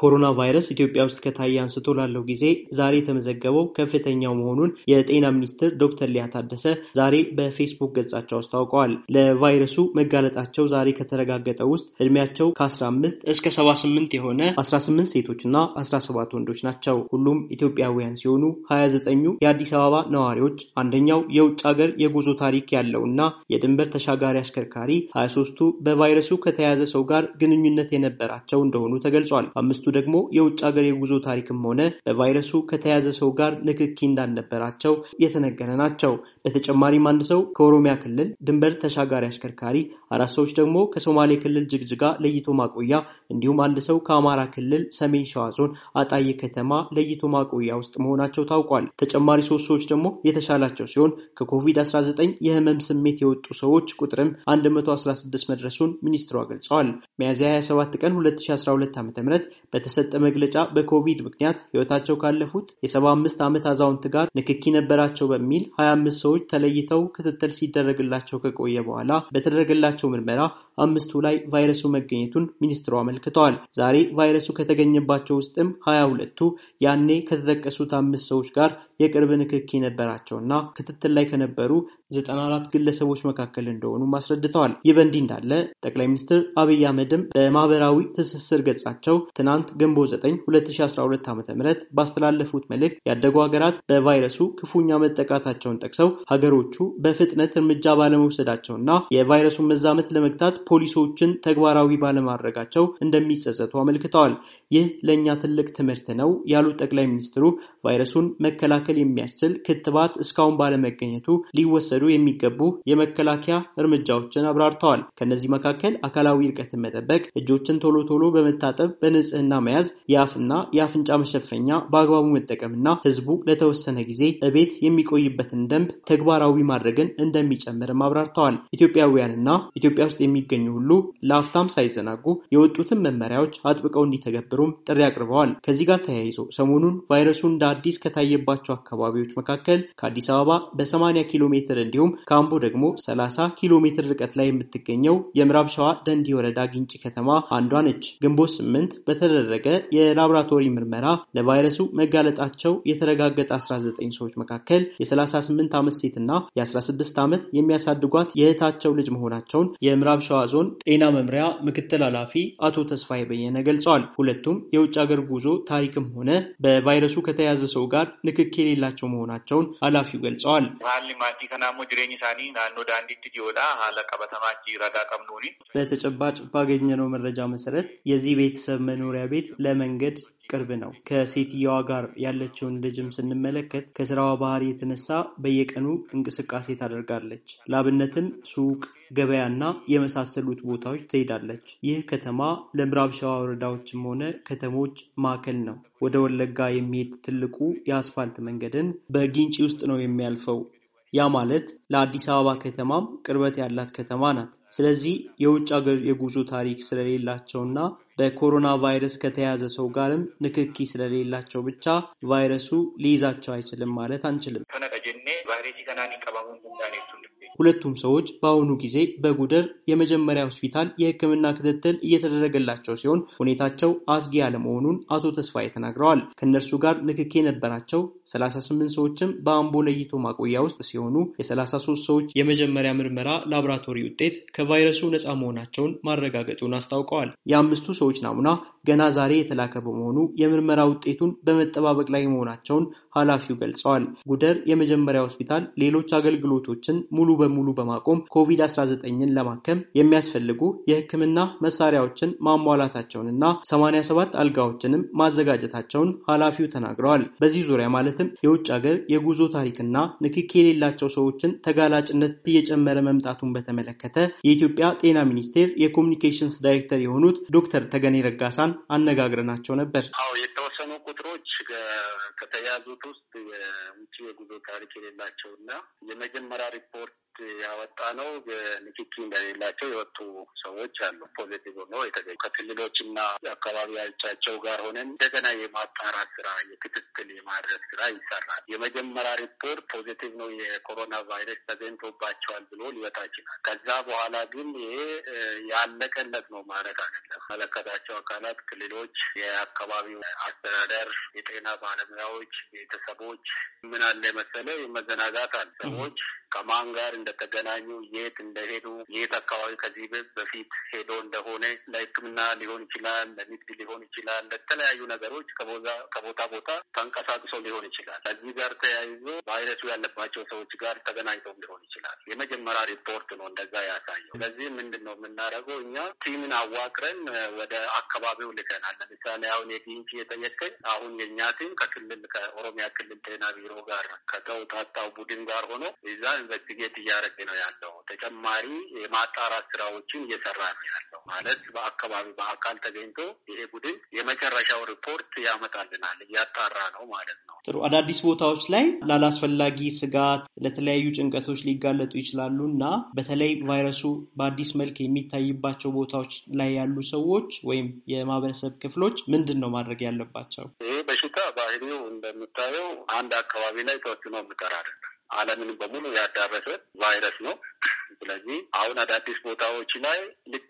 ኮሮና ቫይረስ ኢትዮጵያ ውስጥ ከታየ አንስቶ ላለው ጊዜ ዛሬ የተመዘገበው ከፍተኛው መሆኑን የጤና ሚኒስትር ዶክተር ሊያ ታደሰ ዛሬ በፌስቡክ ገጻቸው አስታውቀዋል። ለቫይረሱ መጋለጣቸው ዛሬ ከተረጋገጠ ውስጥ እድሜያቸው ከ15 እስከ 78 የሆነ 18 ሴቶችና 17 ወንዶች ናቸው። ሁሉም ኢትዮጵያውያን ሲሆኑ 29ኙ የአዲስ አበባ ነዋሪዎች፣ አንደኛው የውጭ ሀገር የጉዞ ታሪክ ያለውና የድንበር ተሻጋሪ አሽከርካሪ፣ 23ቱ በቫይረሱ ከተያዘ ሰው ጋር ግንኙነት የነበራቸው እንደሆኑ ተገልጿል። አምስቱ ደግሞ የውጭ ሀገር የጉዞ ታሪክም ሆነ በቫይረሱ ከተያዘ ሰው ጋር ንክኪ እንዳልነበራቸው የተነገረ ናቸው። በተጨማሪም አንድ ሰው ከኦሮሚያ ክልል ድንበር ተሻጋሪ አሽከርካሪ፣ አራት ሰዎች ደግሞ ከሶማሌ ክልል ጅግጅጋ ለይቶ ማቆያ እንዲሁም አንድ ሰው ከአማራ ክልል ሰሜን ሸዋ ዞን ከተማ ለይቶ ማቆያ ውስጥ መሆናቸው ታውቋል። ተጨማሪ ሶስት ሰዎች ደግሞ የተሻላቸው ሲሆን ከኮቪድ-19 የህመም ስሜት የወጡ ሰዎች ቁጥርም 116 መድረሱን ሚኒስትሯ ገልጸዋል። ሚያዝያ 27 ቀን 2012 ዓ.ም በተሰጠ መግለጫ በኮቪድ ምክንያት ህይወታቸው ካለፉት የ75 ዓመት አዛውንት ጋር ንክኪ ነበራቸው በሚል 25 ሰዎች ተለይተው ክትትል ሲደረግላቸው ከቆየ በኋላ በተደረገላቸው ምርመራ አምስቱ ላይ ቫይረሱ መገኘቱን ሚኒስትሩ አመልክተዋል። ዛሬ ቫይረሱ ከተገኘባቸው ውስጥም 22ቱ ያኔ ከተጠቀሱት አምስት ሰዎች ጋር የቅርብ ንክኪ ነበራቸውና ክትትል ላይ ከነበሩ 94 ግለሰቦች መካከል እንደሆኑ አስረድተዋል። ይህ በእንዲህ እንዳለ ጠቅላይ ሚኒስትር አብይ አህመድም በማህበራዊ ትስስር ገጻቸው ትናንት ግንቦት 9 2012 ዓ ም ባስተላለፉት መልእክት ያደጉ ሀገራት በቫይረሱ ክፉኛ መጠቃታቸውን ጠቅሰው ሀገሮቹ በፍጥነት እርምጃ ባለመውሰዳቸውና የቫይረሱን መዛመት ለመግታት ፖሊሶችን ተግባራዊ ባለማድረጋቸው እንደሚጸጸቱ አመልክተዋል። ይህ ለእኛ ትልቅ ትምህርት ነው ያሉት ጠቅላይ ሚኒስትሩ ቫይረሱን መከላከል ለመከላከል የሚያስችል ክትባት እስካሁን ባለመገኘቱ ሊወሰዱ የሚገቡ የመከላከያ እርምጃዎችን አብራርተዋል። ከነዚህ መካከል አካላዊ እርቀትን መጠበቅ፣ እጆችን ቶሎ ቶሎ በመታጠብ በንጽህና መያዝ፣ የአፍና የአፍንጫ መሸፈኛ በአግባቡ መጠቀምና ህዝቡ ለተወሰነ ጊዜ እቤት የሚቆይበትን ደንብ ተግባራዊ ማድረግን እንደሚጨምርም አብራርተዋል። ኢትዮጵያውያንና ኢትዮጵያ ውስጥ የሚገኙ ሁሉ ለአፍታም ሳይዘናጉ የወጡትን መመሪያዎች አጥብቀው እንዲተገብሩም ጥሪ አቅርበዋል። ከዚህ ጋር ተያይዞ ሰሞኑን ቫይረሱ እንደ አዲስ ከታየባቸው አካባቢዎች መካከል ከአዲስ አበባ በ80 ኪሎ ሜትር እንዲሁም ከአምቦ ደግሞ 30 ኪሎ ሜትር ርቀት ላይ የምትገኘው የምዕራብ ሸዋ ደንዲ ወረዳ ግንጭ ከተማ አንዷ ነች። ግንቦት ስምንት በተደረገ የላቦራቶሪ ምርመራ ለቫይረሱ መጋለጣቸው የተረጋገጠ 19 ሰዎች መካከል የ38 ዓመት ሴትና የ16 ዓመት የሚያሳድጓት የእህታቸው ልጅ መሆናቸውን የምዕራብ ሸዋ ዞን ጤና መምሪያ ምክትል ኃላፊ አቶ ተስፋዬ በየነ ገልጸዋል። ሁለቱም የውጭ አገር ጉዞ ታሪክም ሆነ በቫይረሱ ከተያዘ ሰው ጋር ንክኪ የሌላቸው መሆናቸውን ኃላፊው ገልጸዋል። በተጨባጭ ባገኘነው መረጃ መሰረት የዚህ ቤተሰብ መኖሪያ ቤት ለመንገድ ቅርብ ነው። ከሴትየዋ ጋር ያለችውን ልጅም ስንመለከት ከስራዋ ባህሪ የተነሳ በየቀኑ እንቅስቃሴ ታደርጋለች። ለአብነትም ሱቅ፣ ገበያና የመሳሰሉት ቦታዎች ትሄዳለች። ይህ ከተማ ለምዕራብ ሸዋ ወረዳዎችም ሆነ ከተሞች ማዕከል ነው። ወደ ወለጋ የሚሄድ ትልቁ የአስፋልት መንገድን በጊንጪ ውስጥ ነው የሚያልፈው። ያ ማለት ለአዲስ አበባ ከተማም ቅርበት ያላት ከተማ ናት። ስለዚህ የውጭ ሀገር የጉዞ ታሪክ ስለሌላቸውና በኮሮና ቫይረስ ከተያዘ ሰው ጋርም ንክኪ ስለሌላቸው ብቻ ቫይረሱ ሊይዛቸው አይችልም ማለት አንችልም። ሁለቱም ሰዎች በአሁኑ ጊዜ በጉደር የመጀመሪያ ሆስፒታል የሕክምና ክትትል እየተደረገላቸው ሲሆን ሁኔታቸው አስጊ ያለመሆኑን አቶ ተስፋዬ ተናግረዋል። ከእነርሱ ጋር ንክክ የነበራቸው 38 ሰዎችም በአምቦ ለይቶ ማቆያ ውስጥ ሲሆኑ የ33 ሰዎች የመጀመሪያ ምርመራ ላብራቶሪ ውጤት ከቫይረሱ ነፃ መሆናቸውን ማረጋገጡን አስታውቀዋል። የአምስቱ ሰዎች ናሙና ገና ዛሬ የተላከ በመሆኑ የምርመራ ውጤቱን በመጠባበቅ ላይ መሆናቸውን ኃላፊው ገልጸዋል። ጉደር የመጀመሪያ ሆስፒታል ሌሎች አገልግሎቶችን ሙሉ በሙሉ በማቆም ኮቪድ-19ን ለማከም የሚያስፈልጉ የሕክምና መሳሪያዎችን ማሟላታቸውንና 87 አልጋዎችንም ማዘጋጀታቸውን ኃላፊው ተናግረዋል። በዚህ ዙሪያ ማለትም የውጭ ሀገር የጉዞ ታሪክና ንክኪ የሌላቸው ሰዎችን ተጋላጭነት እየጨመረ መምጣቱን በተመለከተ የኢትዮጵያ ጤና ሚኒስቴር የኮሚኒኬሽንስ ዳይሬክተር የሆኑት ዶክተር ተገኔ ረጋሳን አነጋግረናቸው ነበር። የተወሰኑ ቁጥሮች ከተያዙት ውስጥ የውጭ የጉዞ ታሪክ የሌላቸው እና የመጀመሪያ ሪፖርት ያወጣ ነው ንክኪ እንደሌላቸው የወጡ ሰዎች አሉ። ፖዚቲቭ ሆነው የተገኙ ከክልሎችና አካባቢዎቻቸው ጋር ሆነን እንደገና የማጣራት ስራ የክትትል የማድረግ ስራ ይሰራል። የመጀመሪያ ሪፖርት ፖዚቲቭ ነው የኮሮና ቫይረስ ተገኝቶባቸዋል ብሎ ሊወጣ ይችላል። ከዛ በኋላ ግን ይሄ ያለቀለት ነው ማለት አይደለም። መለከታቸው አካላት ክልሎች፣ የአካባቢው አስተዳደር፣ የጤና ባለሙያዎች፣ ቤተሰቦች ምን አለ መሰለ መዘናጋት አለ ሰዎች ከማን ጋር እንደተገናኙ፣ የት እንደሄዱ፣ የት አካባቢ ከዚህ በፊት ሄዶ እንደሆነ ለሕክምና ሊሆን ይችላል፣ ለንግድ ሊሆን ይችላል፣ ለተለያዩ ነገሮች ከቦታ ቦታ ተንቀሳቅሶ ሊሆን ይችላል። ከዚህ ጋር ተያይዞ ቫይረሱ ያለባቸው ሰዎች ጋር ተገናኝተውም ሊሆን ይችላል። የመጀመሪያ ሪፖርት ነው እንደዛ ያሳየው። ስለዚህ ምንድን ነው የምናደርገው እኛ ቲምን አዋቅረን ወደ አካባቢው ልከናል። ለምሳሌ አሁን የዲንቺ የጠየቀኝ አሁን የእኛ ቲም ከክልል ከኦሮሚያ ክልል ጤና ቢሮ ጋር ከተውጣጣው ቡድን ጋር ሆኖ እዛ ኢንቨስቲጌት እያ እያደረገ ነው ያለው። ተጨማሪ የማጣራት ስራዎችን እየሰራ ነው ያለው ማለት በአካባቢ በአካል ተገኝቶ ይሄ ቡድን የመጨረሻው ሪፖርት ያመጣልናል፣ እያጣራ ነው ማለት ነው። ጥሩ አዳዲስ ቦታዎች ላይ ላላስፈላጊ ስጋት፣ ለተለያዩ ጭንቀቶች ሊጋለጡ ይችላሉ እና በተለይ ቫይረሱ በአዲስ መልክ የሚታይባቸው ቦታዎች ላይ ያሉ ሰዎች ወይም የማህበረሰብ ክፍሎች ምንድን ነው ማድረግ ያለባቸው? ይህ በሽታ ባህሪው እንደምታየው አንድ አካባቢ ላይ ተወስኖ የሚቀር አይደለም። ዓለምን በሙሉ ያዳረሰ ቫይረስ ነው። ስለዚህ አሁን አዳዲስ ቦታዎች ላይ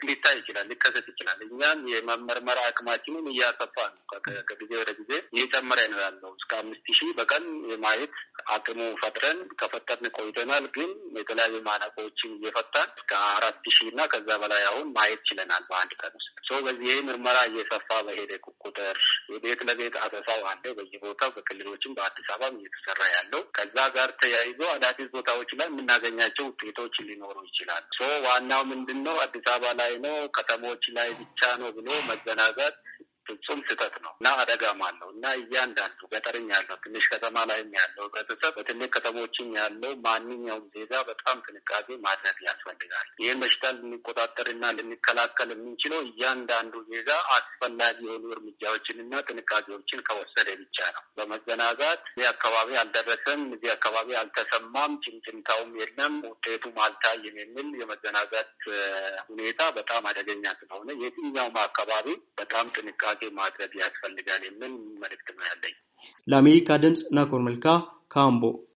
ሊታይ ይችላል፣ ሊከሰት ይችላል። እኛም የመመርመር አቅማችንን እያሰፋ ነው። ከጊዜ ወደ ጊዜ እየጨመረ ነው ያለው። እስከ አምስት ሺህ በቀን የማየት አቅሙ ፈጥረን ከፈጠርን ቆይተናል። ግን የተለያዩ ማነቆዎችን እየፈታን አራት ሺህ እና ከዛ በላይ አሁን ማየት ችለናል በአንድ ቀን ውስጥ ሰው በዚህ ምርመራ እየሰፋ በሄደ ቁጥር የቤት ለቤት አሰሳው አለ በየቦታው በክልሎችም በአዲስ አበባም እየተሰራ ያለው ከዛ ጋር ተያ ተያይዞ አዳዲስ ቦታዎች ላይ የምናገኛቸው ውጤቶች ሊኖሩ ይችላል። ሶ ዋናው ምንድን ነው አዲስ አበባ ላይ ነው ከተሞች ላይ ብቻ ነው ብሎ መዘናጋት ፍጹም ስህተት ነው እና አደጋም አለው እና እያንዳንዱ ገጠርም ያለው ትንሽ ከተማ ላይም ያለው ህብረተሰብ፣ በትልቅ ከተሞችም ያለው ማንኛውም ዜጋ በጣም ጥንቃቄ ማድረግ ያስፈልጋል። ይህን በሽታ ልንቆጣጠርና ልንከላከል የምንችለው እያንዳንዱ ዜጋ አስፈላጊ የሆኑ እርምጃዎችንና ጥንቃቄዎችን ከወሰደ ብቻ ነው። በመዘናጋት እዚህ አካባቢ አልደረሰም፣ እዚህ አካባቢ አልተሰማም፣ ጭምጭምታውም የለም፣ ውጤቱም አልታይም የሚል የመዘናጋት ሁኔታ በጣም አደገኛ ስለሆነ የትኛውም አካባቢ በጣም ጥንቃቄ ጥንቃቄ ማድረግ ያስፈልጋል የሚል መልዕክት ነው ያለኝ። ለአሜሪካ ድምፅ ናኮር መልካ ካምቦ